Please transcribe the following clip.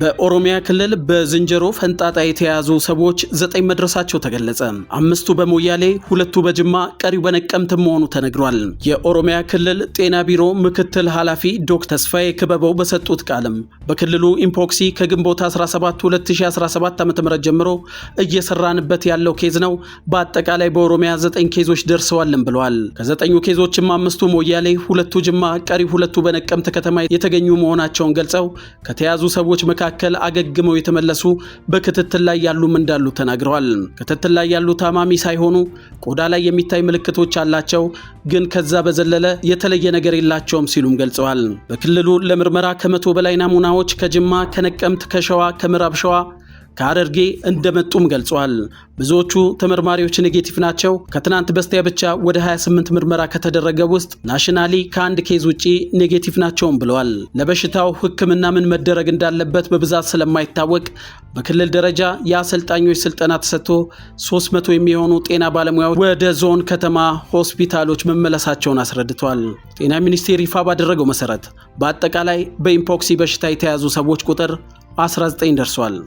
በኦሮሚያ ክልል በዝንጀሮ ፈንጣጣ የተያዙ ሰዎች ዘጠኝ መድረሳቸው ተገለጸ። አምስቱ በሞያሌ፣ ሁለቱ በጅማ፣ ቀሪው በነቀምት መሆኑ ተነግሯል። የኦሮሚያ ክልል ጤና ቢሮ ምክትል ኃላፊ ዶክ ተስፋዬ ክበበው በሰጡት ቃልም በክልሉ ኢምፖክሲ ከግንቦት 17 2017 ዓ.ም ጀምሮ እየሰራንበት ያለው ኬዝ ነው። በአጠቃላይ በኦሮሚያ ዘጠኝ ኬዞች ደርሰዋልን ብለዋል። ከዘጠኙ ኬዞችም አምስቱ ሞያሌ፣ ሁለቱ ጅማ፣ ቀሪው ሁለቱ በነቀምት ከተማ የተገኙ መሆናቸውን ገልጸው ከተያዙ ሰዎች መካከል መካከል አገግመው የተመለሱ በክትትል ላይ ያሉም እንዳሉ ተናግረዋል። ክትትል ላይ ያሉ ታማሚ ሳይሆኑ ቆዳ ላይ የሚታይ ምልክቶች አላቸው፣ ግን ከዛ በዘለለ የተለየ ነገር የላቸውም ሲሉም ገልጸዋል። በክልሉ ለምርመራ ከመቶ በላይ ናሙናዎች ከጅማ፣ ከነቀምት፣ ከሸዋ፣ ከምዕራብ ሸዋ ከሀረርጌ እንደመጡም ገልጿል። ብዙዎቹ ተመርማሪዎች ኔጌቲቭ ናቸው። ከትናንት በስቲያ ብቻ ወደ 28 ምርመራ ከተደረገ ውስጥ ናሽናሊ ከአንድ ኬዝ ውጪ ኔጌቲቭ ናቸውም ብለዋል። ለበሽታው ሕክምና ምን መደረግ እንዳለበት በብዛት ስለማይታወቅ በክልል ደረጃ የአሰልጣኞች ስልጠና ተሰጥቶ 300 የሚሆኑ ጤና ባለሙያዎች ወደ ዞን ከተማ ሆስፒታሎች መመለሳቸውን አስረድቷል። ጤና ሚኒስቴር ይፋ ባደረገው መሰረት በአጠቃላይ በኢምፖክሲ በሽታ የተያዙ ሰዎች ቁጥር 19 ደርሷል።